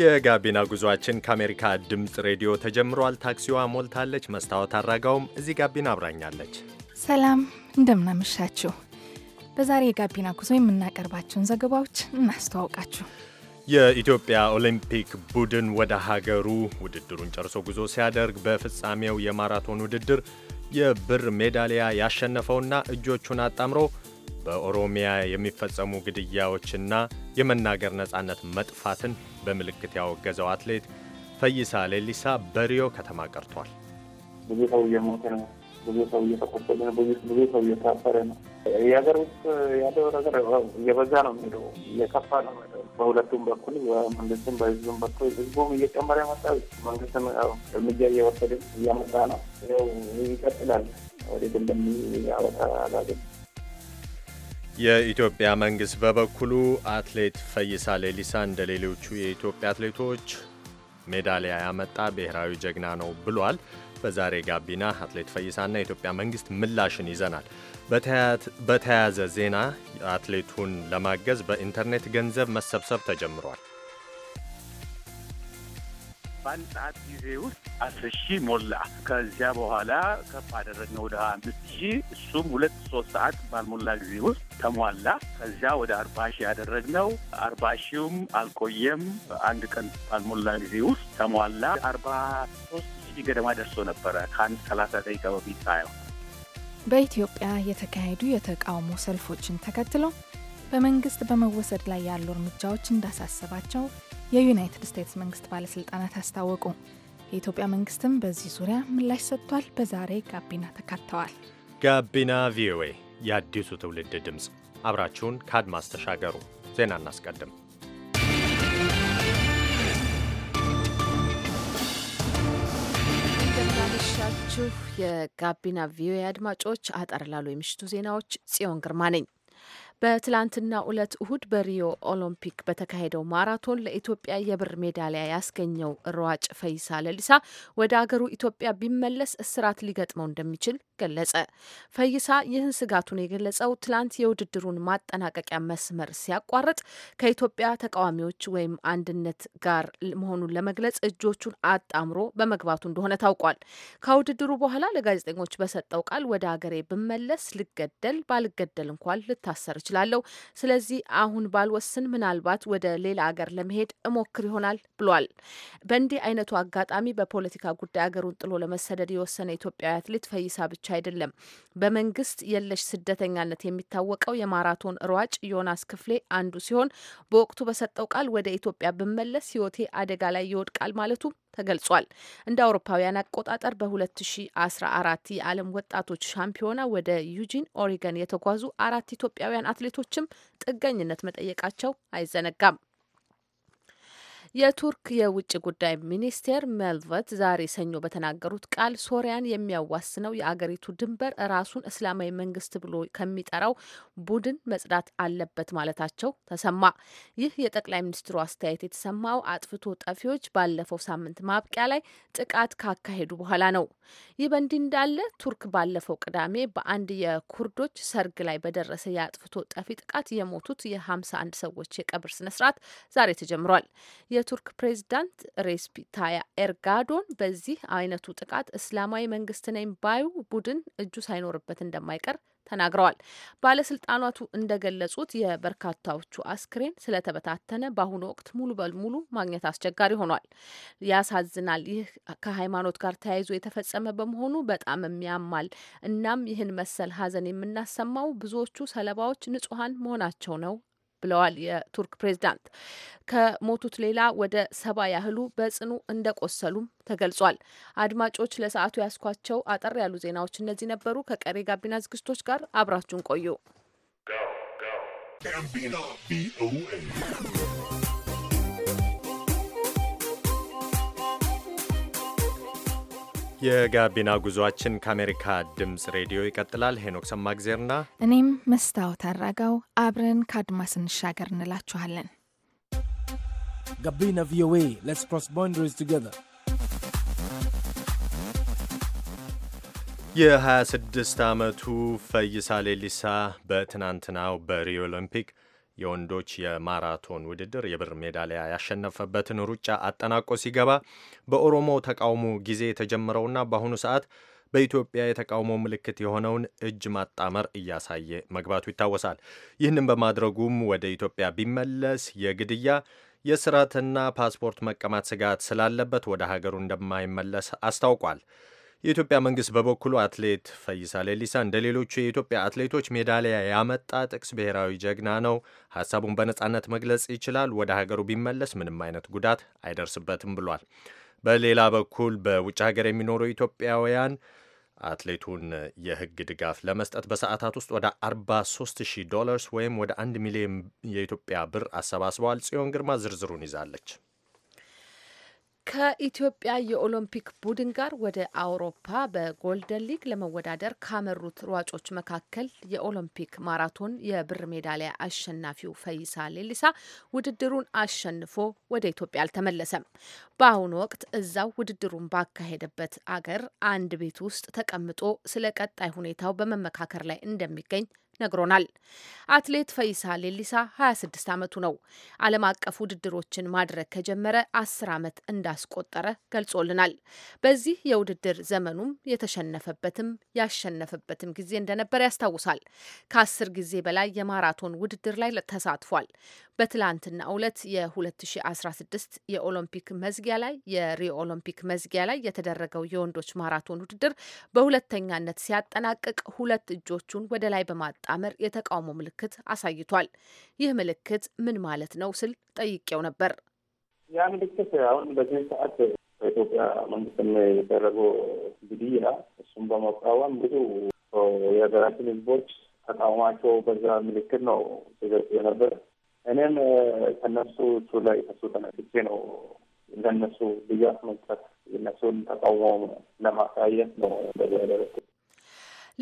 የጋቢና ጉዟችን ከአሜሪካ ድምፅ ሬዲዮ ተጀምሯል። ታክሲዋ ሞልታለች። መስታወት አድራጋውም እዚህ ጋቢና አብራኛለች። ሰላም እንደምናመሻችሁ። በዛሬ የጋቢና ጉዞ የምናቀርባቸውን ዘገባዎች እናስተዋውቃችሁ። የኢትዮጵያ ኦሊምፒክ ቡድን ወደ ሀገሩ ውድድሩን ጨርሶ ጉዞ ሲያደርግ በፍጻሜው የማራቶን ውድድር የብር ሜዳሊያ ያሸነፈውና እጆቹን አጣምሮ በኦሮሚያ የሚፈጸሙ ግድያዎችና የመናገር ነፃነት መጥፋትን በምልክት ያወገዘው አትሌት ፈይሳ ሌሊሳ በሪዮ ከተማ ቀርቷል። ብዙ ሰው እየሞተ ነው። ብዙ ሰው እየተቆሰለ ነው። ብዙ ሰው እየታፈረ ነው። የሀገር ውስጥ ያለው ነገር እየበዛ ነው የሚሄደው፣ እየከፋ ነው የሚሄደው። በሁለቱም በኩል መንግስትም በህዝብም በኩል ህዝቡም እየጨመረ መጣ፣ መንግስትም እርምጃ እየወሰደ እያመጣ ነው። ይኸው ይቀጥላል። ወዴት ያወጣ አላገኝም። የኢትዮጵያ መንግስት በበኩሉ አትሌት ፈይሳ ሌሊሳ እንደ ሌሎቹ የኢትዮጵያ አትሌቶች ሜዳሊያ ያመጣ ብሔራዊ ጀግና ነው ብሏል። በዛሬ ጋቢና አትሌት ፈይሳና የኢትዮጵያ መንግስት ምላሽን ይዘናል። በተያያዘ ዜና አትሌቱን ለማገዝ በኢንተርኔት ገንዘብ መሰብሰብ ተጀምሯል። በአንድ ሰዓት ጊዜ ውስጥ አስር ሺህ ሞላ። ከዚያ በኋላ ከፍ አደረግነው ወደ አምስት ሺህ እሱም ሁለት ሶስት ሰዓት ባልሞላ ጊዜ ውስጥ ተሟላ። ከዚያ ወደ አርባ ሺህ ያደረግነው አርባ ሺውም አልቆየም። አንድ ቀን ባልሞላ ጊዜ ውስጥ ተሟላ። አርባ ሶስት ሺህ ገደማ ደርሶ ነበረ ከአንድ ሰላሳ ደቂቃ በፊት ሳየው። በኢትዮጵያ የተካሄዱ የተቃውሞ ሰልፎችን ተከትለው በመንግስት በመወሰድ ላይ ያሉ እርምጃዎች እንዳሳሰባቸው የዩናይትድ ስቴትስ መንግስት ባለስልጣናት አስታወቁ። የኢትዮጵያ መንግስትም በዚህ ዙሪያ ምላሽ ሰጥቷል። በዛሬ ጋቢና ተካተዋል። ጋቢና ቪኦኤ የአዲሱ ትውልድ ድምፅ፣ አብራችሁን ከአድማስ ተሻገሩ። ዜና እናስቀድም። እንደምናመሻችሁ የጋቢና ቪኦኤ አድማጮች፣ አጠር ላሉ የምሽቱ ዜናዎች ጽዮን ግርማ ነኝ። በትላንትና ዕለት እሁድ በሪዮ ኦሎምፒክ በተካሄደው ማራቶን ለኢትዮጵያ የብር ሜዳሊያ ያስገኘው ሯጭ ፈይሳ ለሊሳ ወደ አገሩ ኢትዮጵያ ቢመለስ እስራት ሊገጥመው እንደሚችል ገለጸ። ፈይሳ ይህን ስጋቱን የገለጸው ትላንት የውድድሩን ማጠናቀቂያ መስመር ሲያቋርጥ ከኢትዮጵያ ተቃዋሚዎች ወይም አንድነት ጋር መሆኑን ለመግለጽ እጆቹን አጣምሮ በመግባቱ እንደሆነ ታውቋል። ከውድድሩ በኋላ ለጋዜጠኞች በሰጠው ቃል ወደ አገሬ ብመለስ ልገደል፣ ባልገደል እንኳን ልታሰር እችላለሁ። ስለዚህ አሁን ባልወስን ምናልባት ወደ ሌላ አገር ለመሄድ እሞክር ይሆናል ብሏል። በእንዲህ አይነቱ አጋጣሚ በፖለቲካ ጉዳይ አገሩን ጥሎ ለመሰደድ የወሰነ ኢትዮጵያዊ አትሌት ፈይሳ ብቻ አይደለም። በመንግስት የለሽ ስደተኛነት የሚታወቀው የማራቶን ሯጭ ዮናስ ክፍሌ አንዱ ሲሆን በወቅቱ በሰጠው ቃል ወደ ኢትዮጵያ ብመለስ ህይወቴ አደጋ ላይ ይወድቃል ማለቱ ተገልጿል። እንደ አውሮፓውያን አቆጣጠር በ2014 የዓለም ወጣቶች ሻምፒዮና ወደ ዩጂን ኦሪገን የተጓዙ አራት ኢትዮጵያውያን አትሌቶችም ጥገኝነት መጠየቃቸው አይዘነጋም። የቱርክ የውጭ ጉዳይ ሚኒስቴር መልቨት ዛሬ ሰኞ በተናገሩት ቃል ሶሪያን የሚያዋስነው የአገሪቱ ድንበር ራሱን እስላማዊ መንግስት ብሎ ከሚጠራው ቡድን መጽዳት አለበት ማለታቸው ተሰማ። ይህ የጠቅላይ ሚኒስትሩ አስተያየት የተሰማው አጥፍቶ ጠፊዎች ባለፈው ሳምንት ማብቂያ ላይ ጥቃት ካካሄዱ በኋላ ነው። ይህ በእንዲህ እንዳለ ቱርክ ባለፈው ቅዳሜ በአንድ የኩርዶች ሰርግ ላይ በደረሰ የአጥፍቶ ጠፊ ጥቃት የሞቱት የ51 ሰዎች የቀብር ስነስርዓት ዛሬ ተጀምሯል። የቱርክ ፕሬዚዳንት ሬስፒ ታያ ኤርጋዶን በዚህ አይነቱ ጥቃት እስላማዊ መንግስት ነኝ ባዩ ቡድን እጁ ሳይኖርበት እንደማይቀር ተናግረዋል። ባለስልጣናቱ እንደገለጹት የበርካታዎቹ አስክሬን ስለተበታተነ በአሁኑ ወቅት ሙሉ በሙሉ ማግኘት አስቸጋሪ ሆኗል። ያሳዝናል። ይህ ከሃይማኖት ጋር ተያይዞ የተፈጸመ በመሆኑ በጣም የሚያማል። እናም ይህን መሰል ሀዘን የምናሰማው ብዙዎቹ ሰለባዎች ንጹሀን መሆናቸው ነው ብለዋል የቱርክ ፕሬዚዳንት። ከሞቱት ሌላ ወደ ሰባ ያህሉ በጽኑ እንደቆሰሉም ተገልጿል። አድማጮች ለሰዓቱ ያስኳቸው አጠር ያሉ ዜናዎች እነዚህ ነበሩ። ከቀሬ ጋቢና ዝግጅቶች ጋር አብራችሁን ቆዩ። የጋቢና ጉዟችን ከአሜሪካ ድምፅ ሬዲዮ ይቀጥላል። ሄኖክ ሰማግዜርና እኔም መስታወት አራጋው አብረን ከአድማስ እንሻገር እንላችኋለን። ጋቢና ቪኦኤ ሌትስ ክሮስ ቦንደሪስ ቱጌዘር የ26 ዓመቱ ፈይሳ ሌሊሳ በትናንትናው በሪዮ ኦሎምፒክ የወንዶች የማራቶን ውድድር የብር ሜዳሊያ ያሸነፈበትን ሩጫ አጠናቆ ሲገባ በኦሮሞ ተቃውሞ ጊዜ የተጀመረውና በአሁኑ ሰዓት በኢትዮጵያ የተቃውሞ ምልክት የሆነውን እጅ ማጣመር እያሳየ መግባቱ ይታወሳል። ይህንም በማድረጉም ወደ ኢትዮጵያ ቢመለስ የግድያ የስራትና ፓስፖርት መቀማት ስጋት ስላለበት ወደ ሀገሩ እንደማይመለስ አስታውቋል። የኢትዮጵያ መንግስት በበኩሉ አትሌት ፈይሳ ሌሊሳ እንደ ሌሎቹ የኢትዮጵያ አትሌቶች ሜዳሊያ ያመጣ ጥቅስ ብሔራዊ ጀግና ነው፣ ሀሳቡን በነጻነት መግለጽ ይችላል፣ ወደ ሀገሩ ቢመለስ ምንም አይነት ጉዳት አይደርስበትም ብሏል። በሌላ በኩል በውጭ ሀገር የሚኖሩ ኢትዮጵያውያን አትሌቱን የሕግ ድጋፍ ለመስጠት በሰዓታት ውስጥ ወደ 430 ዶላርስ ወይም ወደ 1 ሚሊዮን የኢትዮጵያ ብር አሰባስበዋል። ጽዮን ግርማ ዝርዝሩን ይዛለች። ከኢትዮጵያ የኦሎምፒክ ቡድን ጋር ወደ አውሮፓ በጎልደን ሊግ ለመወዳደር ካመሩት ሯጮች መካከል የኦሎምፒክ ማራቶን የብር ሜዳሊያ አሸናፊው ፈይሳ ሌሊሳ ውድድሩን አሸንፎ ወደ ኢትዮጵያ አልተመለሰም። በአሁኑ ወቅት እዛው ውድድሩን ባካሄደበት አገር አንድ ቤት ውስጥ ተቀምጦ ስለ ቀጣይ ሁኔታው በመመካከር ላይ እንደሚገኝ ነግሮናል። አትሌት ፈይሳ ሌሊሳ 26 ዓመቱ ነው። ዓለም አቀፍ ውድድሮችን ማድረግ ከጀመረ 10 ዓመት እንዳስቆጠረ ገልጾልናል። በዚህ የውድድር ዘመኑም የተሸነፈበትም ያሸነፈበትም ጊዜ እንደነበር ያስታውሳል። ከ10 ጊዜ በላይ የማራቶን ውድድር ላይ ተሳትፏል። በትላንትና ዕለት የ2016 የኦሎምፒክ መዝጊያ መዝጊያ ላይ የሪዮ ኦሎምፒክ መዝጊያ ላይ የተደረገው የወንዶች ማራቶን ውድድር በሁለተኛነት ሲያጠናቅቅ ሁለት እጆቹን ወደ ላይ በማጣመር የተቃውሞ ምልክት አሳይቷል። ይህ ምልክት ምን ማለት ነው ስል ጠይቄው ነበር። ያ ምልክት አሁን በዚህ ሰዓት በኢትዮጵያ መንግስትም የተደረገው ግድያ እሱም በመቃወም ብዙ የሀገራችን ህዝቦች ተቃውሟቸው በዛ ምልክት ነው ሲገልጽ የነበር እኔም ከነሱ እሱ ላይ ከሱ ተነስቼ ነው ለእነሱ ድጋፍ መስጠት የእነሱን ተቃውሞ ለማሳየት ነው።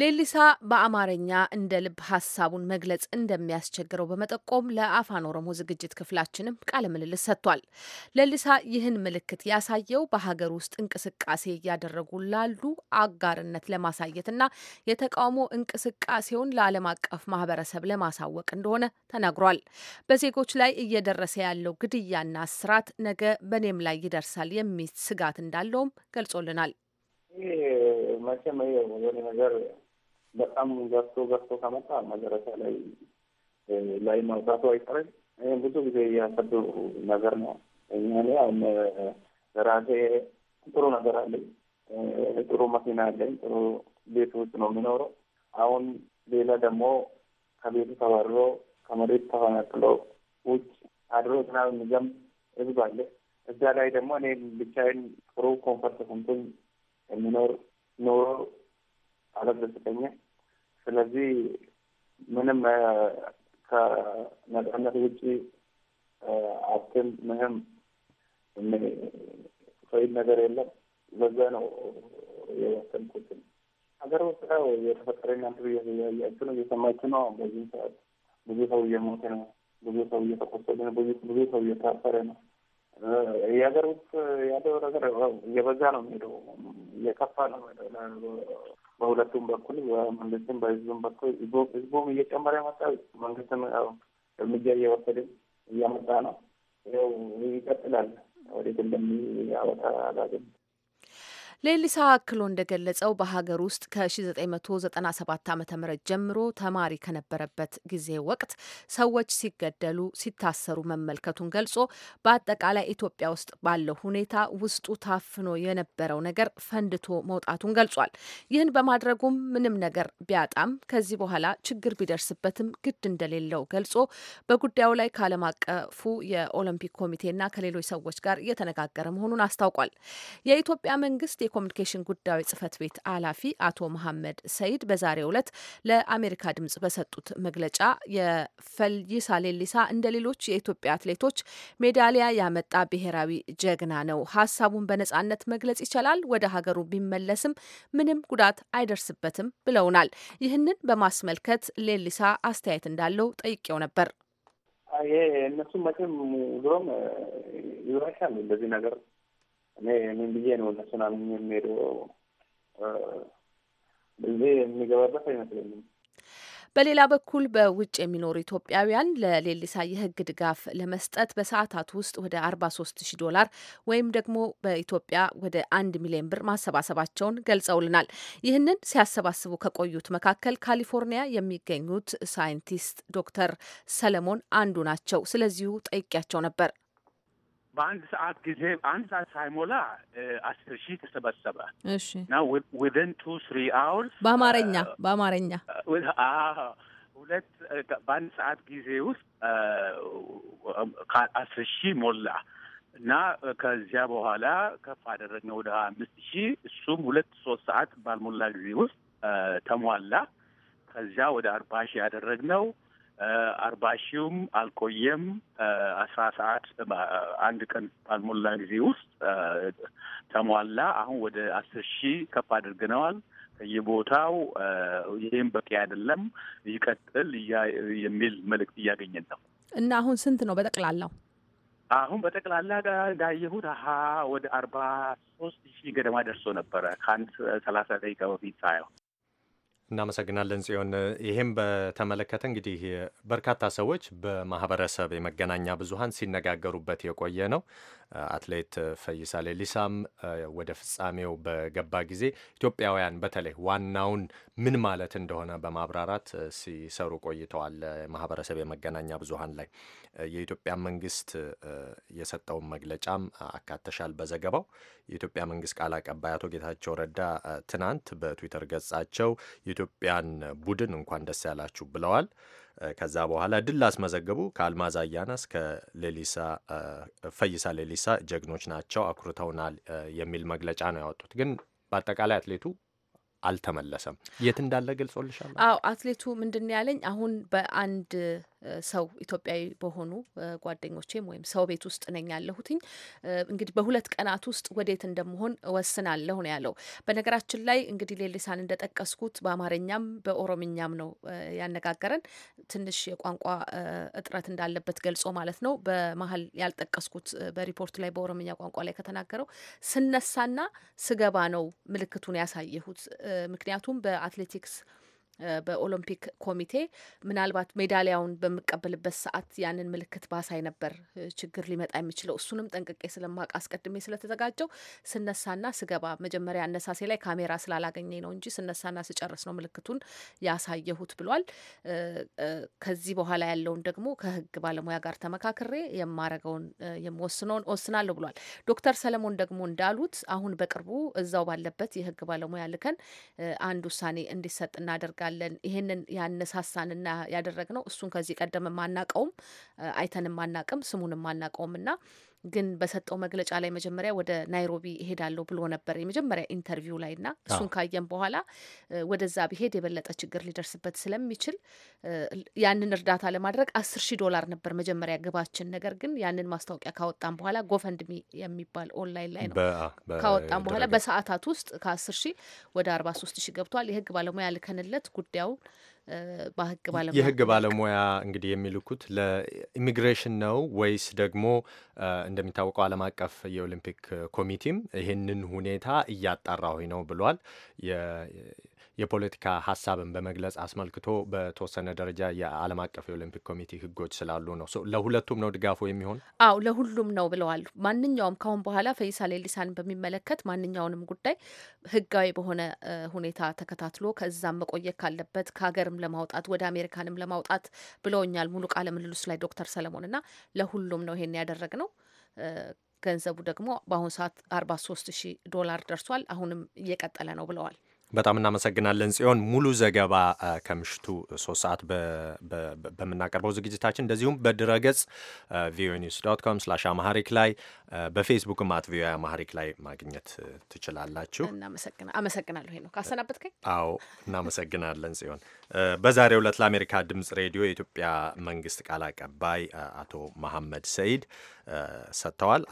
ሌሊሳ በአማርኛ እንደ ልብ ሀሳቡን መግለጽ እንደሚያስቸግረው በመጠቆም ለአፋን ኦሮሞ ዝግጅት ክፍላችንም ቃለ ምልልስ ሰጥቷል። ሌሊሳ ይህን ምልክት ያሳየው በሀገር ውስጥ እንቅስቃሴ እያደረጉ ላሉ አጋርነት ለማሳየትና የተቃውሞ እንቅስቃሴውን ለዓለም አቀፍ ማህበረሰብ ለማሳወቅ እንደሆነ ተናግሯል። በዜጎች ላይ እየደረሰ ያለው ግድያና ስርዓት ነገ በኔም ላይ ይደርሳል የሚል ስጋት እንዳለውም ገልጾልናል። ይህ መቼም የሆነ ነገር በጣም ገፍቶ ገፍቶ ከመጣ መጨረሻ ላይ ላይ መውጣቱ አይቀርም። ይህም ብዙ ጊዜ እያሰዱ ነገር ነው። እኛ አሁን ራሴ ጥሩ ነገር አለኝ፣ ጥሩ መኪና አለኝ፣ ጥሩ ቤት ውስጥ ነው የሚኖረው። አሁን ሌላ ደግሞ ከቤቱ ተባሮ ከመሬት ተፈናቅሎ ውጭ አድሮ ዝናብ የሚገም ህዝብ አለ። እዛ ላይ ደግሞ እኔ ብቻዬን ጥሩ ኮንፈርት ስንቱን የሚኖር ኑሮ አለበስተኛ ስለዚህ ምንም ከነጻነት ውጭ አትም ምንም ፈይድ ነገር የለም። በዛ ነው የወሰንኩት። ሀገር ውስጥ ያው የተፈጠረ እናንተ እያያችሁ ነው፣ እየሰማችሁ ነው። በዚህ ሰዓት ብዙ ሰው እየሞተ ነው፣ ብዙ ሰው እየተቆሰለ ነው፣ ብዙ ሰው እየታፈረ ነው። የሀገር ውስጥ ያለው ነገር እየበዛ ነው የሚሄደው፣ እየከፋ ነው። በሁለቱም በኩል በመንግስትም በህዝብም በኩል ህዝቡም እየጨመረ መጣ፣ መንግስትም እርምጃ እየወሰድን እያመጣ ነው። ይኸው ይቀጥላል። ወዴት እንደሚያወጣ አላውቅም። ሌሊሳ አክሎ እንደገለጸው በሀገር ውስጥ ከ1997 ዓ ም ጀምሮ ተማሪ ከነበረበት ጊዜ ወቅት ሰዎች ሲገደሉ፣ ሲታሰሩ መመልከቱን ገልጾ በአጠቃላይ ኢትዮጵያ ውስጥ ባለው ሁኔታ ውስጡ ታፍኖ የነበረው ነገር ፈንድቶ መውጣቱን ገልጿል። ይህን በማድረጉም ምንም ነገር ቢያጣም ከዚህ በኋላ ችግር ቢደርስበትም ግድ እንደሌለው ገልጾ በጉዳዩ ላይ ከዓለም አቀፉ የኦሎምፒክ ኮሚቴና ከሌሎች ሰዎች ጋር እየተነጋገረ መሆኑን አስታውቋል። የኢትዮጵያ መንግስት የኮሚኒኬሽን ጉዳዮች ጽህፈት ቤት ኃላፊ አቶ መሐመድ ሰይድ በዛሬው ዕለት ለአሜሪካ ድምጽ በሰጡት መግለጫ የፈይሳ ሌሊሳ እንደ ሌሎች የኢትዮጵያ አትሌቶች ሜዳሊያ ያመጣ ብሔራዊ ጀግና ነው። ሀሳቡን በነጻነት መግለጽ ይችላል። ወደ ሀገሩ ቢመለስም ምንም ጉዳት አይደርስበትም ብለውናል። ይህንን በማስመልከት ሌሊሳ አስተያየት እንዳለው ጠይቄው ነበር። ይሄ እነሱ መቼም ድሮም ይረሻል እንደዚህ ነገር እኔ ምን ብዬ ነው እነሱን አምኜ የሚሄደው እዚህ የሚገባበት አይመስለኝም። በሌላ በኩል በውጭ የሚኖሩ ኢትዮጵያውያን ለሌሊሳ የሕግ ድጋፍ ለመስጠት በሰዓታት ውስጥ ወደ 43 ሺ ዶላር ወይም ደግሞ በኢትዮጵያ ወደ አንድ ሚሊዮን ብር ማሰባሰባቸውን ገልጸውልናል። ይህንን ሲያሰባስቡ ከቆዩት መካከል ካሊፎርኒያ የሚገኙት ሳይንቲስት ዶክተር ሰለሞን አንዱ ናቸው። ስለዚሁ ጠይቂያቸው ነበር። በአንድ ሰዓት ጊዜ አንድ ሰዓት ሳይሞላ አስር ሺህ ተሰበሰበ እና ወደን ቱ ስሪ አውርስ በአማርኛ በአማርኛ ሁለት በአንድ ሰዓት ጊዜ ውስጥ አስር ሺህ ሞላ እና ከዚያ በኋላ ከፍ አደረግነ ወደ ሀያ አምስት ሺህ እሱም ሁለት ሶስት ሰዓት ባልሞላ ጊዜ ውስጥ ተሟላ። ከዚያ ወደ አርባ ሺህ ያደረግነው አርባ ሺውም አልቆየም። አስራ ሰዓት አንድ ቀን ባልሞላ ጊዜ ውስጥ ተሟላ። አሁን ወደ አስር ሺህ ከፍ አድርገነዋል ከየቦታው። ይህም በቂ አይደለም፣ ይቀጥል የሚል መልእክት እያገኘን ነው። እና አሁን ስንት ነው በጠቅላላው? አሁን በጠቅላላ እንዳየሁት ሀ ወደ አርባ ሶስት ሺህ ገደማ ደርሶ ነበረ ከአንድ ሰላሳ ደቂቃ በፊት ሳየው። እናመሰግናለን ጽዮን። ይህም በተመለከተ እንግዲህ በርካታ ሰዎች በማህበረሰብ የመገናኛ ብዙኃን ሲነጋገሩበት የቆየ ነው። አትሌት ፈይሳ ሌሊሳም ወደ ፍጻሜው በገባ ጊዜ ኢትዮጵያውያን በተለይ ዋናውን ምን ማለት እንደሆነ በማብራራት ሲሰሩ ቆይተዋል። ማህበረሰብ የመገናኛ ብዙሀን ላይ የኢትዮጵያ መንግስት የሰጠውን መግለጫም አካተሻል በዘገባው። የኢትዮጵያ መንግስት ቃል አቀባይ አቶ ጌታቸው ረዳ ትናንት በትዊተር ገጻቸው የኢትዮጵያን ቡድን እንኳን ደስ ያላችሁ ብለዋል። ከዛ በኋላ ድል አስመዘግቡ ከአልማዝ አያና እስከ ሌሊሳ ፈይሳ ሌሊሳ ጀግኖች ናቸው፣ አኩርተውናል የሚል መግለጫ ነው ያወጡት። ግን በአጠቃላይ አትሌቱ አልተመለሰም። የት እንዳለ ገልጾልሻል? አዎ አትሌቱ ምንድን ያለኝ አሁን በአንድ ሰው ኢትዮጵያዊ በሆኑ ጓደኞቼም ወይም ሰው ቤት ውስጥ ነኝ ያለሁትኝ። እንግዲህ በሁለት ቀናት ውስጥ ወዴት እንደመሆን ወስናለሁ ነው ያለው። በነገራችን ላይ እንግዲህ ሌሊሳን እንደጠቀስኩት በአማርኛም በኦሮምኛም ነው ያነጋገረን። ትንሽ የቋንቋ እጥረት እንዳለበት ገልጾ ማለት ነው። በመሀል ያልጠቀስኩት በሪፖርቱ ላይ በኦሮምኛ ቋንቋ ላይ ከተናገረው ስነሳና ስገባ ነው ምልክቱን ያሳየሁት። ምክንያቱም በአትሌቲክስ በኦሎምፒክ ኮሚቴ ምናልባት ሜዳሊያውን በምቀበልበት ሰዓት ያንን ምልክት ባሳይ ነበር ችግር ሊመጣ የሚችለው። እሱንም ጠንቅቄ ስለማቅ አስቀድሜ ስለተዘጋጀው ስነሳና ስገባ መጀመሪያ አነሳሴ ላይ ካሜራ ስላላገኘኝ ነው እንጂ ስነሳና ስጨርስ ነው ምልክቱን ያሳየሁት ብሏል። ከዚህ በኋላ ያለውን ደግሞ ከህግ ባለሙያ ጋር ተመካክሬ የማረገውን የምወስነውን ወስናለሁ ብሏል። ዶክተር ሰለሞን ደግሞ እንዳሉት አሁን በቅርቡ እዛው ባለበት የህግ ባለሙያ ልከን አንድ ውሳኔ እንዲሰጥ እናደርጋል እናደርጋለን። ይህንን ያነሳሳንና ያደረግነው እሱን ከዚህ ቀደም ማናቀውም አይተንም ማናቅም ስሙንም ማናቀውም እና ግን በሰጠው መግለጫ ላይ መጀመሪያ ወደ ናይሮቢ እሄዳለሁ ብሎ ነበር የመጀመሪያ ኢንተርቪው ላይ እና እሱን ካየን በኋላ ወደዛ ቢሄድ የበለጠ ችግር ሊደርስበት ስለሚችል ያንን እርዳታ ለማድረግ አስር ሺህ ዶላር ነበር መጀመሪያ ግባችን። ነገር ግን ያንን ማስታወቂያ ካወጣን በኋላ ጎፈንድሚ የሚባል ኦንላይን ላይ ነው ካወጣን በኋላ በሰዓታት ውስጥ ከአስር ሺህ ወደ አርባ ሶስት ሺህ ገብቷል። የህግ ባለሙያ ልከንለት ጉዳዩን በህግ ባለሙያ የህግ ባለሙያ እንግዲህ የሚልኩት ለኢሚግሬሽን ነው ወይስ ደግሞ እንደሚታወቀው ዓለም አቀፍ የኦሊምፒክ ኮሚቲም ይህንን ሁኔታ እያጣራሁኝ ነው ብሏል። የፖለቲካ ሀሳብን በመግለጽ አስመልክቶ በተወሰነ ደረጃ የዓለም አቀፍ የኦሎምፒክ ኮሚቴ ህጎች ስላሉ ነው። ለሁለቱም ነው ድጋፉ የሚሆን? አዎ ለሁሉም ነው ብለዋል። ማንኛውም ካሁን በኋላ ፈይሳ ሌሊሳን በሚመለከት ማንኛውንም ጉዳይ ህጋዊ በሆነ ሁኔታ ተከታትሎ ከዛም መቆየት ካለበት ከሀገርም ለማውጣት ወደ አሜሪካንም ለማውጣት ብለውኛል። ሙሉ ቃለ ምልልስ ላይ ዶክተር ሰለሞን እና ለሁሉም ነው ይሄን ያደረግ ነው። ገንዘቡ ደግሞ በአሁኑ ሰዓት አርባ ሶስት ሺህ ዶላር ደርሷል። አሁንም እየቀጠለ ነው ብለዋል። በጣም እናመሰግናለን ጽዮን። ሙሉ ዘገባ ከምሽቱ ሶስት ሰዓት በምናቀርበው ዝግጅታችን እንደዚሁም በድረገጽ ቪኦኤ ኒውስ ዶት ኮም ስላሽ አማሃሪክ ላይ በፌስቡክም አት ቪኦኤ አማሃሪክ ላይ ማግኘት ትችላላችሁ። አመሰግናለሁ ሄኖክ። አሰናበትከኝ? አዎ እናመሰግናለን ጽዮን። በዛሬው ዕለት ለአሜሪካ ድምጽ ሬዲዮ የኢትዮጵያ መንግስት ቃል አቀባይ አቶ መሐመድ ሰይድ ሰጥተዋል።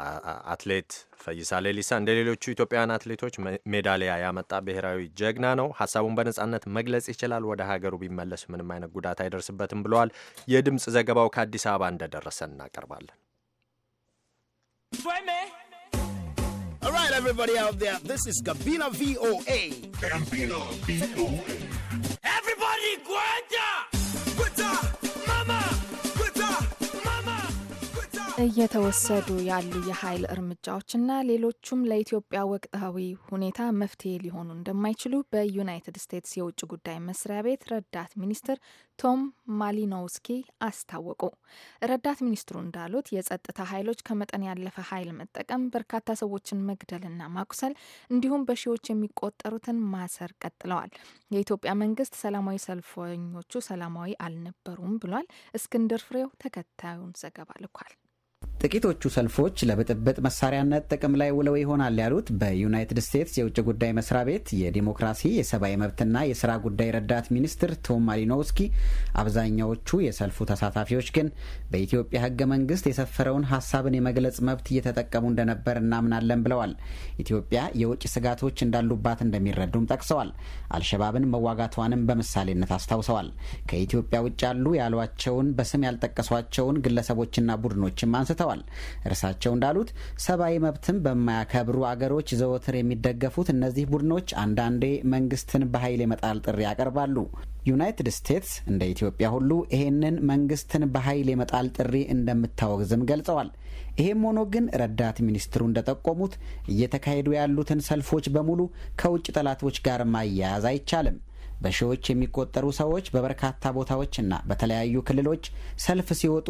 አትሌት ፈይሳ ሌሊሳ እንደ ሌሎቹ ኢትዮጵያውያን አትሌቶች ሜዳሊያ ያመጣ ብሔራዊ ጀግና ነው። ሀሳቡን በነጻነት መግለጽ ይችላል። ወደ ሀገሩ ቢመለስ ምንም አይነት ጉዳት አይደርስበትም ብለዋል። የድምፅ ዘገባው ከአዲስ አበባ እንደደረሰ እናቀርባለን። All right, everybody out there, this is Gabina VOA. Gabina VOA. እየተወሰዱ ያሉ የኃይል እርምጃዎችና ሌሎቹም ለኢትዮጵያ ወቅታዊ ሁኔታ መፍትሄ ሊሆኑ እንደማይችሉ በዩናይትድ ስቴትስ የውጭ ጉዳይ መስሪያ ቤት ረዳት ሚኒስትር ቶም ማሊኖውስኪ አስታወቁ። ረዳት ሚኒስትሩ እንዳሉት የጸጥታ ኃይሎች ከመጠን ያለፈ ኃይል መጠቀም፣ በርካታ ሰዎችን መግደልና ማቁሰል እንዲሁም በሺዎች የሚቆጠሩትን ማሰር ቀጥለዋል። የኢትዮጵያ መንግስት ሰላማዊ ሰልፈኞቹ ሰላማዊ አልነበሩም ብሏል። እስክንድር ፍሬው ተከታዩን ዘገባ ልኳል። ጥቂቶቹ ሰልፎች ለብጥብጥ መሳሪያነት ጥቅም ላይ ውለው ይሆናል ያሉት በዩናይትድ ስቴትስ የውጭ ጉዳይ መስሪያ ቤት የዲሞክራሲ የሰብአዊ መብትና የስራ ጉዳይ ረዳት ሚኒስትር ቶም ማሊኖውስኪ፣ አብዛኛዎቹ የሰልፉ ተሳታፊዎች ግን በኢትዮጵያ ህገ መንግስት የሰፈረውን ሀሳብን የመግለጽ መብት እየተጠቀሙ እንደነበር እናምናለን ብለዋል። ኢትዮጵያ የውጭ ስጋቶች እንዳሉባት እንደሚረዱም ጠቅሰዋል። አልሸባብን መዋጋቷንም በምሳሌነት አስታውሰዋል። ከኢትዮጵያ ውጭ ያሉ ያሏቸውን በስም ያልጠቀሷቸውን ግለሰቦችና ቡድኖችም አንስተዋል። ገልጸዋል። እርሳቸው እንዳሉት ሰብአዊ መብትን በማያከብሩ አገሮች ዘወትር የሚደገፉት እነዚህ ቡድኖች አንዳንዴ መንግስትን በኃይል የመጣል ጥሪ ያቀርባሉ። ዩናይትድ ስቴትስ እንደ ኢትዮጵያ ሁሉ ይሄንን መንግስትን በኃይል የመጣል ጥሪ እንደምታወግዝም ገልጸዋል። ይህም ሆኖ ግን ረዳት ሚኒስትሩ እንደጠቆሙት እየተካሄዱ ያሉትን ሰልፎች በሙሉ ከውጭ ጠላቶች ጋር ማያያዝ አይቻልም። በሺዎች የሚቆጠሩ ሰዎች በበርካታ ቦታዎችና በተለያዩ ክልሎች ሰልፍ ሲወጡ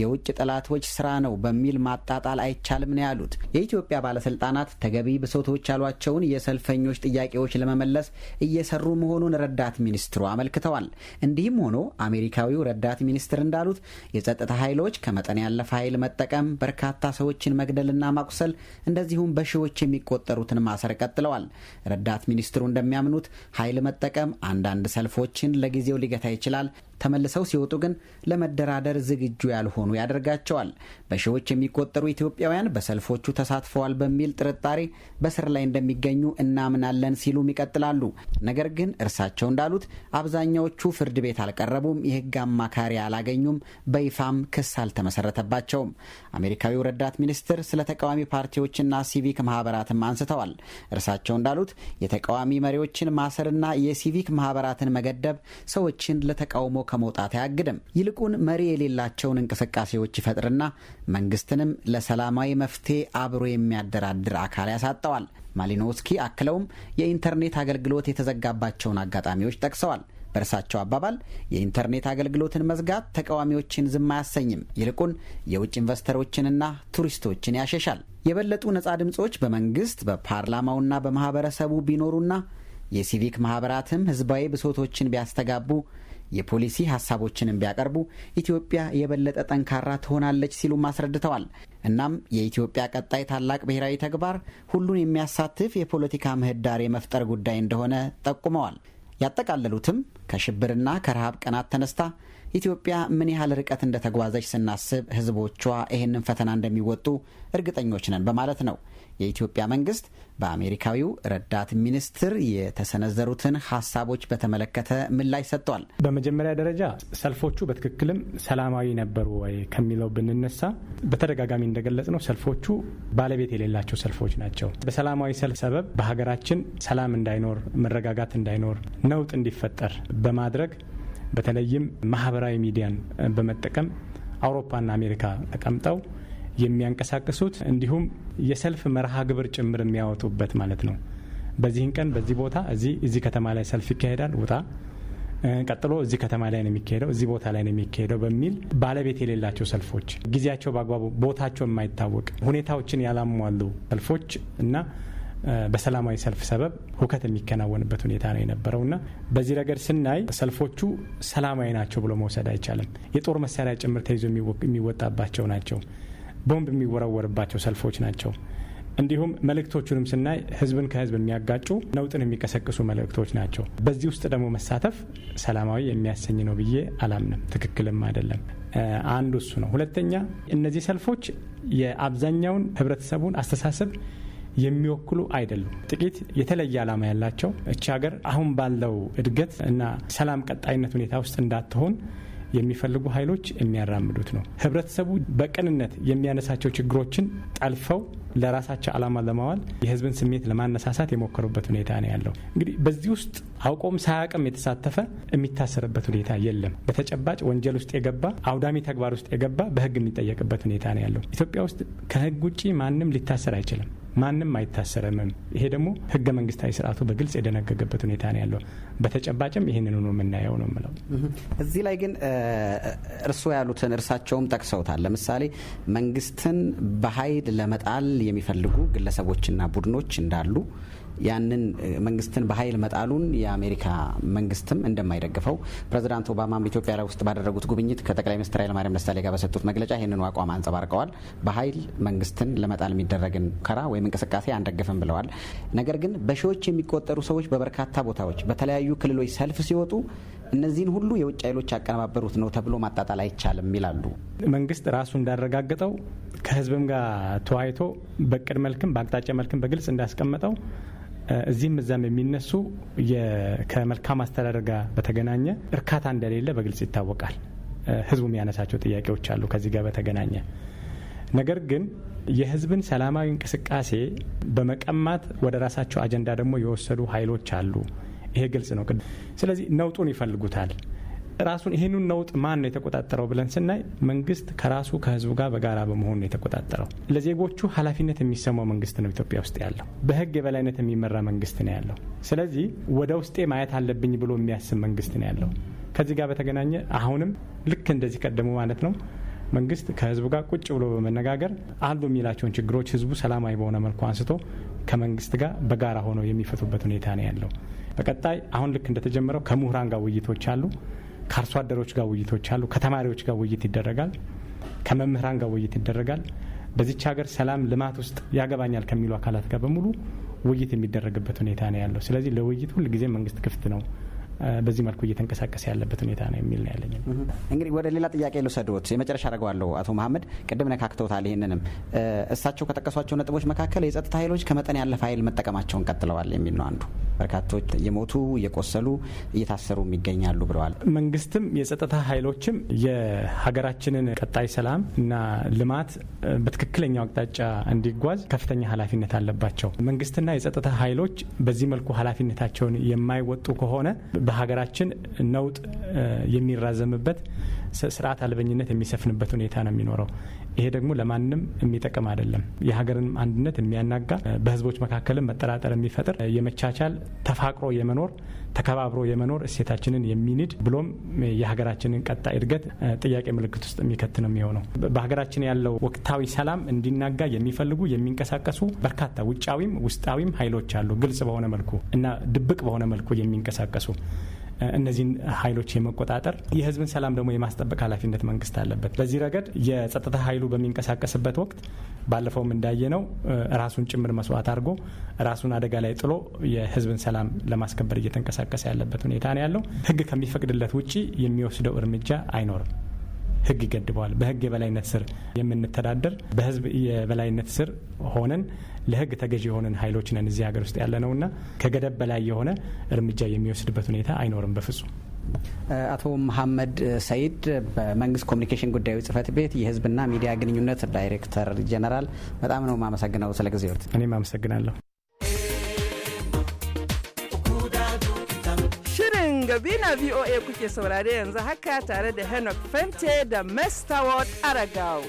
የውጭ ጠላቶች ስራ ነው በሚል ማጣጣል አይቻልም ነው ያሉት። የኢትዮጵያ ባለስልጣናት ተገቢ ብሶቶች ያሏቸውን የሰልፈኞች ጥያቄዎች ለመመለስ እየሰሩ መሆኑን ረዳት ሚኒስትሩ አመልክተዋል። እንዲህም ሆኖ አሜሪካዊው ረዳት ሚኒስትር እንዳሉት የጸጥታ ኃይሎች ከመጠን ያለፈ ኃይል መጠቀም፣ በርካታ ሰዎችን መግደልና ማቁሰል እንደዚሁም በሺዎች የሚቆጠሩትን ማሰር ቀጥለዋል። ረዳት ሚኒስትሩ እንደሚያምኑት ኃይል መጠቀም አንዳንድ ሰልፎችን ለጊዜው ሊገታ ይችላል። ተመልሰው ሲወጡ ግን ለመደራደር ዝግጁ ያልሆኑ ያደርጋቸዋል። በሺዎች የሚቆጠሩ ኢትዮጵያውያን በሰልፎቹ ተሳትፈዋል በሚል ጥርጣሬ በስር ላይ እንደሚገኙ እናምናለን ሲሉም ይቀጥላሉ። ነገር ግን እርሳቸው እንዳሉት አብዛኛዎቹ ፍርድ ቤት አልቀረቡም፣ የህግ አማካሪ አላገኙም፣ በይፋም ክስ አልተመሰረተባቸውም። አሜሪካዊው ረዳት ሚኒስትር ስለ ተቃዋሚ ፓርቲዎችና ሲቪክ ማህበራትም አንስተዋል። እርሳቸው እንዳሉት የተቃዋሚ መሪዎችን ማሰርና የሲቪክ ማህበራትን መገደብ ሰዎችን ለተቃውሞ ከመውጣት አያግድም። ይልቁን መሪ የሌላቸውን እንቅስቃሴዎች ይፈጥርና መንግስትንም ለሰላማዊ መፍትሄ አብሮ የሚያደራድር አካል ያሳጠዋል። ማሊኖስኪ አክለውም የኢንተርኔት አገልግሎት የተዘጋባቸውን አጋጣሚዎች ጠቅሰዋል። በእርሳቸው አባባል የኢንተርኔት አገልግሎትን መዝጋት ተቃዋሚዎችን ዝም አያሰኝም፣ ይልቁን የውጭ ኢንቨስተሮችንና ቱሪስቶችን ያሸሻል። የበለጡ ነጻ ድምፆች በመንግስት በፓርላማውና በማህበረሰቡ ቢኖሩና የሲቪክ ማህበራትም ህዝባዊ ብሶቶችን ቢያስተጋቡ የፖሊሲ ሀሳቦችንም ቢያቀርቡ ኢትዮጵያ የበለጠ ጠንካራ ትሆናለች ሲሉም አስረድተዋል። እናም የኢትዮጵያ ቀጣይ ታላቅ ብሔራዊ ተግባር ሁሉን የሚያሳትፍ የፖለቲካ ምህዳር የመፍጠር ጉዳይ እንደሆነ ጠቁመዋል። ያጠቃለሉትም ከሽብርና ከረሃብ ቀናት ተነስታ ኢትዮጵያ ምን ያህል ርቀት እንደተጓዘች ስናስብ ህዝቦቿ ይህንን ፈተና እንደሚወጡ እርግጠኞች ነን በማለት ነው። የኢትዮጵያ መንግስት በአሜሪካዊው ረዳት ሚኒስትር የተሰነዘሩትን ሀሳቦች በተመለከተ ምላሽ ሰጥቷል። በመጀመሪያ ደረጃ ሰልፎቹ በትክክልም ሰላማዊ ነበሩ ወይ ከሚለው ብንነሳ በተደጋጋሚ እንደገለጽ ነው ሰልፎቹ ባለቤት የሌላቸው ሰልፎች ናቸው። በሰላማዊ ሰልፍ ሰበብ በሀገራችን ሰላም እንዳይኖር፣ መረጋጋት እንዳይኖር፣ ነውጥ እንዲፈጠር በማድረግ በተለይም ማህበራዊ ሚዲያን በመጠቀም አውሮፓና አሜሪካ ተቀምጠው የሚያንቀሳቅሱት እንዲሁም የሰልፍ መርሃ ግብር ጭምር የሚያወጡበት ማለት ነው። በዚህን ቀን በዚህ ቦታ እዚህ እዚህ ከተማ ላይ ሰልፍ ይካሄዳል፣ ውጣ ቀጥሎ እዚህ ከተማ ላይ ነው የሚካሄደው፣ እዚህ ቦታ ላይ ነው የሚካሄደው በሚል ባለቤት የሌላቸው ሰልፎች፣ ጊዜያቸው በአግባቡ ቦታቸው የማይታወቅ ሁኔታዎችን ያላሟሉ ሰልፎች እና በሰላማዊ ሰልፍ ሰበብ ሁከት የሚከናወንበት ሁኔታ ነው እና በዚህ ረገድ ስናይ ሰልፎቹ ሰላማዊ ናቸው ብሎ መውሰድ አይቻልም። የጦር መሳሪያ ጭምር ተይዞ የሚወጣባቸው ናቸው። ቦምብ የሚወረወርባቸው ሰልፎች ናቸው። እንዲሁም መልእክቶቹንም ስናይ ህዝብን ከህዝብ የሚያጋጩ ነውጥን የሚቀሰቅሱ መልእክቶች ናቸው። በዚህ ውስጥ ደግሞ መሳተፍ ሰላማዊ የሚያሰኝ ነው ብዬ አላምንም፣ ትክክልም አይደለም። አንዱ እሱ ነው። ሁለተኛ እነዚህ ሰልፎች የአብዛኛውን ህብረተሰቡን አስተሳሰብ የሚወክሉ አይደሉም። ጥቂት የተለየ ዓላማ ያላቸው እቺ ሀገር አሁን ባለው እድገት እና ሰላም ቀጣይነት ሁኔታ ውስጥ እንዳትሆን የሚፈልጉ ኃይሎች የሚያራምዱት ነው። ህብረተሰቡ በቅንነት የሚያነሳቸው ችግሮችን ጠልፈው ለራሳቸው ዓላማ ለማዋል የህዝብን ስሜት ለማነሳሳት የሞከሩበት ሁኔታ ነው ያለው። እንግዲህ በዚህ ውስጥ አውቆም ሳያቅም የተሳተፈ የሚታሰርበት ሁኔታ የለም። በተጨባጭ ወንጀል ውስጥ የገባ አውዳሚ ተግባር ውስጥ የገባ በህግ የሚጠየቅበት ሁኔታ ነው ያለው። ኢትዮጵያ ውስጥ ከህግ ውጭ ማንም ሊታሰር አይችልም። ማንም አይታሰርምም። ይሄ ደግሞ ህገ መንግስታዊ ስርዓቱ በግልጽ የደነገገበት ሁኔታ ነው ያለው። በተጨባጭም ይህንኑ ነው የምናየው ነው የምለው። እዚህ ላይ ግን እርስዎ ያሉትን እርሳቸውም ጠቅሰውታል። ለምሳሌ መንግስትን በኃይል ለመጣል የሚፈልጉ ግለሰቦችና ቡድኖች እንዳሉ ያንን መንግስትን በኃይል መጣሉን የአሜሪካ መንግስትም እንደማይደግፈው ፕሬዚዳንት ኦባማም ኢትዮጵያ ላይ ውስጥ ባደረጉት ጉብኝት ከጠቅላይ ሚኒስትር ኃይለማርያም ደሳሌ ጋር በሰጡት መግለጫ ይህንኑ አቋም አንጸባርቀዋል። በኃይል መንግስትን ለመጣል የሚደረግን ከራ ወይም እንቅስቃሴ አንደግፍም ብለዋል። ነገር ግን በሺዎች የሚቆጠሩ ሰዎች በበርካታ ቦታዎች በተለያዩ ክልሎች ሰልፍ ሲወጡ እነዚህን ሁሉ የውጭ ኃይሎች ያቀነባበሩት ነው ተብሎ ማጣጣል አይቻልም ይላሉ። መንግስት ራሱ እንዳረጋገጠው ከህዝብም ጋር ተወያይቶ በቅድ መልክም በአቅጣጫ መልክም በግልጽ እንዳስቀመጠው እዚህም እዛም የሚነሱ ከመልካም አስተዳደር ጋር በተገናኘ እርካታ እንደሌለ በግልጽ ይታወቃል። ህዝቡ የሚያነሳቸው ጥያቄዎች አሉ ከዚህ ጋር በተገናኘ ነገር ግን የህዝብን ሰላማዊ እንቅስቃሴ በመቀማት ወደ ራሳቸው አጀንዳ ደግሞ የወሰዱ ኃይሎች አሉ። ይሄ ግልጽ ነው። ስለዚህ ነውጡን ይፈልጉታል። ራሱን ይህንን ነውጥ ማን ነው የተቆጣጠረው ብለን ስናይ መንግስት ከራሱ ከህዝቡ ጋር በጋራ በመሆኑ ነው የተቆጣጠረው። ለዜጎቹ ኃላፊነት የሚሰማው መንግስት ነው ኢትዮጵያ ውስጥ ያለው። በህግ የበላይነት የሚመራ መንግስት ነው ያለው። ስለዚህ ወደ ውስጤ ማየት አለብኝ ብሎ የሚያስብ መንግስት ነው ያለው። ከዚህ ጋር በተገናኘ አሁንም ልክ እንደዚህ ቀደሙ ማለት ነው መንግስት ከህዝቡ ጋር ቁጭ ብሎ በመነጋገር አሉ የሚላቸውን ችግሮች ህዝቡ ሰላማዊ በሆነ መልኩ አንስቶ ከመንግስት ጋር በጋራ ሆነው የሚፈቱበት ሁኔታ ነው ያለው። በቀጣይ አሁን ልክ እንደተጀመረው ከምሁራን ጋር ውይይቶች አሉ። ከአርሶ አደሮች ጋር ውይይቶች አሉ። ከተማሪዎች ጋር ውይይት ይደረጋል። ከመምህራን ጋር ውይይት ይደረጋል። በዚች ሀገር ሰላም፣ ልማት ውስጥ ያገባኛል ከሚሉ አካላት ጋር በሙሉ ውይይት የሚደረግበት ሁኔታ ነው ያለው። ስለዚህ ለውይይት ሁልጊዜ መንግስት ክፍት ነው በዚህ መልኩ እየተንቀሳቀሰ ያለበት ሁኔታ ነው የሚል ነው ያለኝ። እንግዲህ ወደ ሌላ ጥያቄ ልውሰድዎት፣ የመጨረሻ አደርገዋለሁ። አቶ መሀመድ ቅድም ነካክተውታል። ይህንንም እሳቸው ከጠቀሷቸው ነጥቦች መካከል የጸጥታ ኃይሎች ከመጠን ያለፈ ኃይል መጠቀማቸውን ቀጥለዋል የሚል ነው አንዱ በርካቶች የሞቱ የቆሰሉ፣ እየታሰሩም ይገኛሉ ብለዋል። መንግስትም የጸጥታ ኃይሎችም የሀገራችንን ቀጣይ ሰላም እና ልማት በትክክለኛው አቅጣጫ እንዲጓዝ ከፍተኛ ኃላፊነት አለባቸው። መንግስትና የጸጥታ ኃይሎች በዚህ መልኩ ኃላፊነታቸውን የማይወጡ ከሆነ በሀገራችን ነውጥ የሚራዘምበት ስርዓት አልበኝነት የሚሰፍንበት ሁኔታ ነው የሚኖረው። ይሄ ደግሞ ለማንም የሚጠቅም አይደለም። የሀገርን አንድነት የሚያናጋ በህዝቦች መካከልም መጠራጠር የሚፈጥር የመቻቻል ተፋቅሮ የመኖር ተከባብሮ የመኖር እሴታችንን የሚንድ ብሎም የሀገራችንን ቀጣይ እድገት ጥያቄ ምልክት ውስጥ የሚከት ነው የሚሆነው። በሀገራችን ያለው ወቅታዊ ሰላም እንዲናጋ የሚፈልጉ የሚንቀሳቀሱ በርካታ ውጫዊም ውስጣዊም ኃይሎች አሉ፣ ግልጽ በሆነ መልኩ እና ድብቅ በሆነ መልኩ የሚንቀሳቀሱ እነዚህን ኃይሎች የመቆጣጠር የህዝብን ሰላም ደግሞ የማስጠበቅ ኃላፊነት መንግስት አለበት። በዚህ ረገድ የጸጥታ ኃይሉ በሚንቀሳቀስበት ወቅት ባለፈውም እንዳየነው ራሱን ጭምር መስዋዕት አድርጎ ራሱን አደጋ ላይ ጥሎ የህዝብን ሰላም ለማስከበር እየተንቀሳቀሰ ያለበት ሁኔታ ነው ያለው። ህግ ከሚፈቅድለት ውጭ የሚወስደው እርምጃ አይኖርም። ህግ ይገድበዋል። በህግ የበላይነት ስር የምንተዳደር በህዝብ የበላይነት ስር ሆነን ለህግ ተገዥ የሆንን ኃይሎች ነን እዚህ ሀገር ውስጥ ያለ ነውና ከገደብ በላይ የሆነ እርምጃ የሚወስድበት ሁኔታ አይኖርም በፍጹም። አቶ መሐመድ ሰይድ በመንግስት ኮሚኒኬሽን ጉዳዩ ጽህፈት ቤት የህዝብና ሚዲያ ግንኙነት ዳይሬክተር ጀነራል፣ በጣም ነው የማመሰግነው ስለ ጊዜ ወርት። እኔም አመሰግናለሁ። Shirin Gabina VOA kuke saurare yanzu haka tare da Henok Fente da Mestaward Aragao.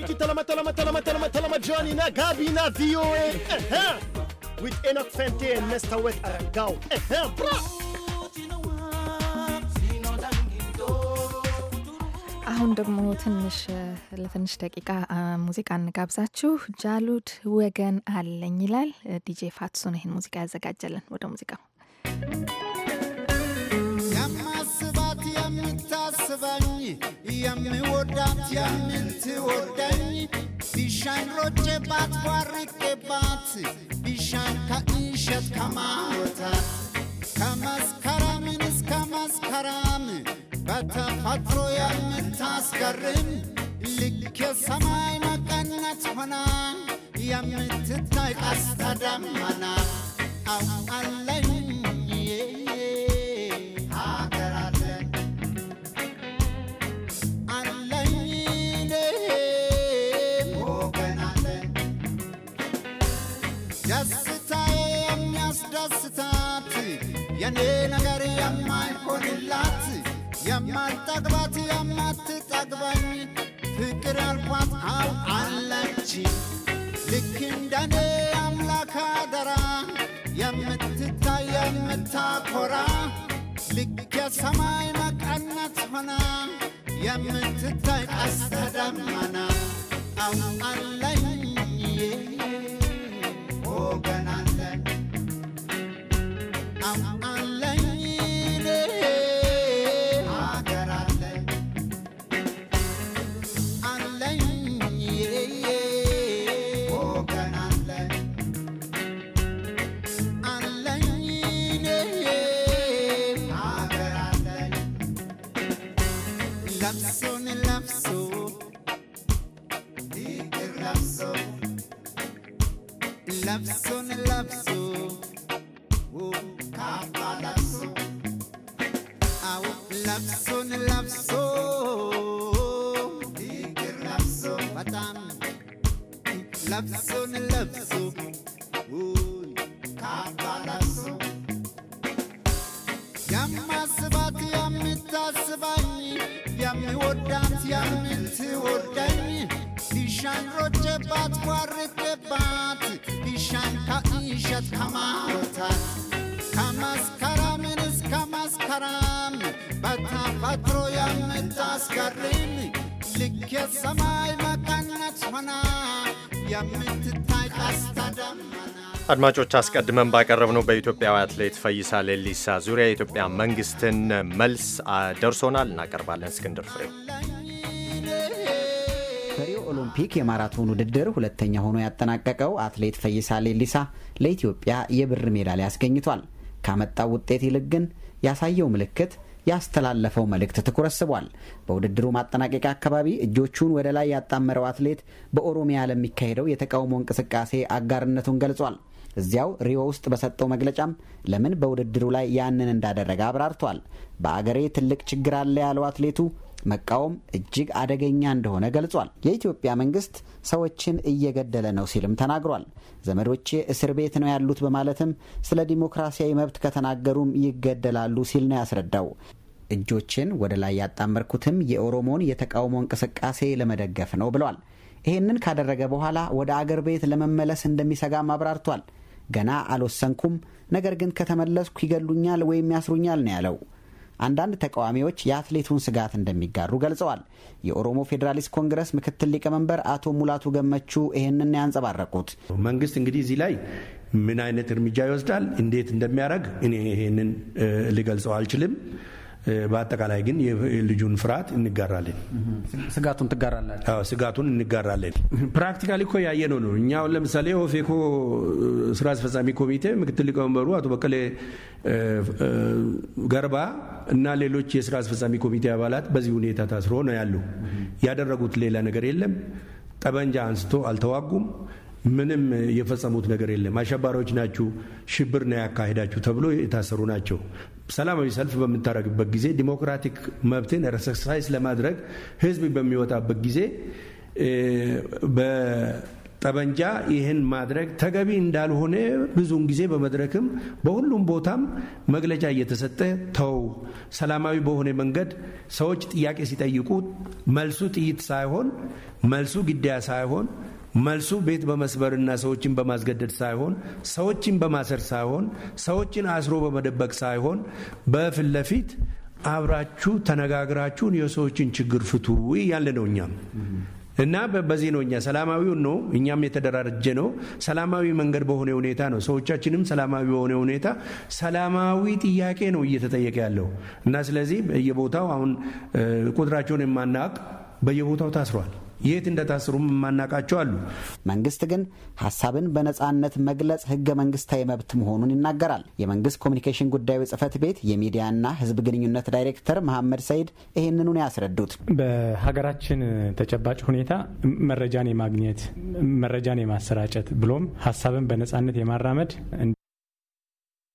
Piki Talama Talama Talama Talama Talama Johnny na Gabi na VOA uh with Enoch Fenty and Mr. Wet Aragao. uh bro. አሁን ደግሞ ትንሽ ለትንሽ ደቂቃ ሙዚቃ እንጋብዛችሁ። ጃሉድ ወገን አለኝ ይላል ዲጄ ፋትሱን ይህን ሙዚቃ ያዘጋጀለን ወደ ሙዚቃው የምወዳት የምትወደኝ ቢሻን ሮጬባት ባርቄባት ቢሻን ከእሸት ከማወታት ከመስከረምን እስከ መስከረም በተፈጥሮ የምታስገርም ልክ የሰማይ መቀነት ሆና የምትታይ ቀስተ ደመና አው አለኝ የኔ ነገር የማይሆንላት የማልጠግባት የማትጠግበኝ ፍቅር ያልኳት አው አለች ልክ እንደኔ አምላክ አደራ የምትታይ የምታኮራ ልክ የሰማይ መቀነት ሆና የምትታይ ቀስተ ደመና አው አለኝ Yeah. አድማጮች አስቀድመን ባቀረብ ነው በኢትዮጵያዊ አትሌት ፈይሳ ሌሊሳ ዙሪያ የኢትዮጵያ መንግስትን መልስ ደርሶናል። እናቀርባለን። እስክንድር ፍሬው በሪዮ ኦሎምፒክ የማራቶን ውድድር ሁለተኛ ሆኖ ያጠናቀቀው አትሌት ፈይሳ ሌሊሳ ለኢትዮጵያ የብር ሜዳሊያ አስገኝቷል። ካመጣው ውጤት ይልቅ ግን ያሳየው ምልክት ያስተላለፈው መልእክት ትኩረት ስቧል። በውድድሩ ማጠናቀቂያ አካባቢ እጆቹን ወደ ላይ ያጣመረው አትሌት በኦሮሚያ ለሚካሄደው የተቃውሞ እንቅስቃሴ አጋርነቱን ገልጿል። እዚያው ሪዮ ውስጥ በሰጠው መግለጫም ለምን በውድድሩ ላይ ያንን እንዳደረገ አብራርቷል። በአገሬ ትልቅ ችግር አለ ያለው አትሌቱ መቃወም እጅግ አደገኛ እንደሆነ ገልጿል። የኢትዮጵያ መንግስት ሰዎችን እየገደለ ነው ሲልም ተናግሯል። ዘመዶቼ እስር ቤት ነው ያሉት በማለትም ስለ ዲሞክራሲያዊ መብት ከተናገሩም ይገደላሉ ሲል ነው ያስረዳው። እጆችን ወደ ላይ ያጣመርኩትም የኦሮሞን የተቃውሞ እንቅስቃሴ ለመደገፍ ነው ብሏል። ይህንን ካደረገ በኋላ ወደ አገር ቤት ለመመለስ እንደሚሰጋም አብራርቷል። ገና አልወሰንኩም፣ ነገር ግን ከተመለስኩ ይገሉኛል ወይም ያስሩኛል ነው ያለው። አንዳንድ ተቃዋሚዎች የአትሌቱን ስጋት እንደሚጋሩ ገልጸዋል። የኦሮሞ ፌዴራሊስት ኮንግረስ ምክትል ሊቀመንበር አቶ ሙላቱ ገመቹ ይህንን ያንጸባረቁት መንግስት እንግዲህ እዚህ ላይ ምን አይነት እርምጃ ይወስዳል፣ እንዴት እንደሚያደርግ እኔ ይህንን ልገልጸው አልችልም። በአጠቃላይ ግን የልጁን ፍርሃት እንጋራለን። ስጋቱን ትጋራላለን? ስጋቱን እንጋራለን። ፕራክቲካሊ እኮ ያየ ነው ነው። እኛ አሁን ለምሳሌ ኦፌኮ ስራ አስፈጻሚ ኮሚቴ ምክትል ሊቀመንበሩ አቶ በቀሌ ገርባ እና ሌሎች የስራ አስፈጻሚ ኮሚቴ አባላት በዚህ ሁኔታ ታስሮ ነው ያሉ። ያደረጉት ሌላ ነገር የለም። ጠበንጃ አንስቶ አልተዋጉም። ምንም የፈጸሙት ነገር የለም። አሸባሪዎች ናችሁ፣ ሽብር ነው ያካሄዳችሁ ተብሎ የታሰሩ ናቸው። ሰላማዊ ሰልፍ በምታደርግበት ጊዜ ዲሞክራቲክ መብትን ኤክሰርሳይዝ ለማድረግ ህዝብ በሚወጣበት ጊዜ በጠበንጃ ይህን ማድረግ ተገቢ እንዳልሆነ ብዙውን ጊዜ በመድረክም በሁሉም ቦታም መግለጫ እየተሰጠ ተው፣ ሰላማዊ በሆነ መንገድ ሰዎች ጥያቄ ሲጠይቁ መልሱ ጥይት ሳይሆን መልሱ ግድያ ሳይሆን መልሱ ቤት በመስበርና ሰዎችን በማስገደድ ሳይሆን ሰዎችን በማሰር ሳይሆን ሰዎችን አስሮ በመደበቅ ሳይሆን በፊት ለፊት አብራችሁ ተነጋግራችሁን የሰዎችን ችግር ፍቱ እያለ ነው። እኛም እና በዚህ ነው እኛ ሰላማዊውን ነው እኛም የተደራጀ ነው። ሰላማዊ መንገድ በሆነ ሁኔታ ነው ሰዎቻችንም ሰላማዊ በሆነ ሁኔታ ሰላማዊ ጥያቄ ነው እየተጠየቀ ያለው እና ስለዚህ በየቦታው አሁን ቁጥራቸውን የማናውቅ በየቦታው ታስሯል። የት እንደታስሩም የማናቃቸው አሉ። መንግስት ግን ሀሳብን በነጻነት መግለጽ ህገ መንግስታዊ መብት መሆኑን ይናገራል። የመንግስት ኮሚኒኬሽን ጉዳዩ ጽህፈት ቤት የሚዲያና ህዝብ ግንኙነት ዳይሬክተር መሐመድ ሰይድ ይህንኑን ያስረዱት በሀገራችን ተጨባጭ ሁኔታ መረጃን የማግኘት መረጃን የማሰራጨት ብሎም ሀሳብን በነጻነት የማራመድ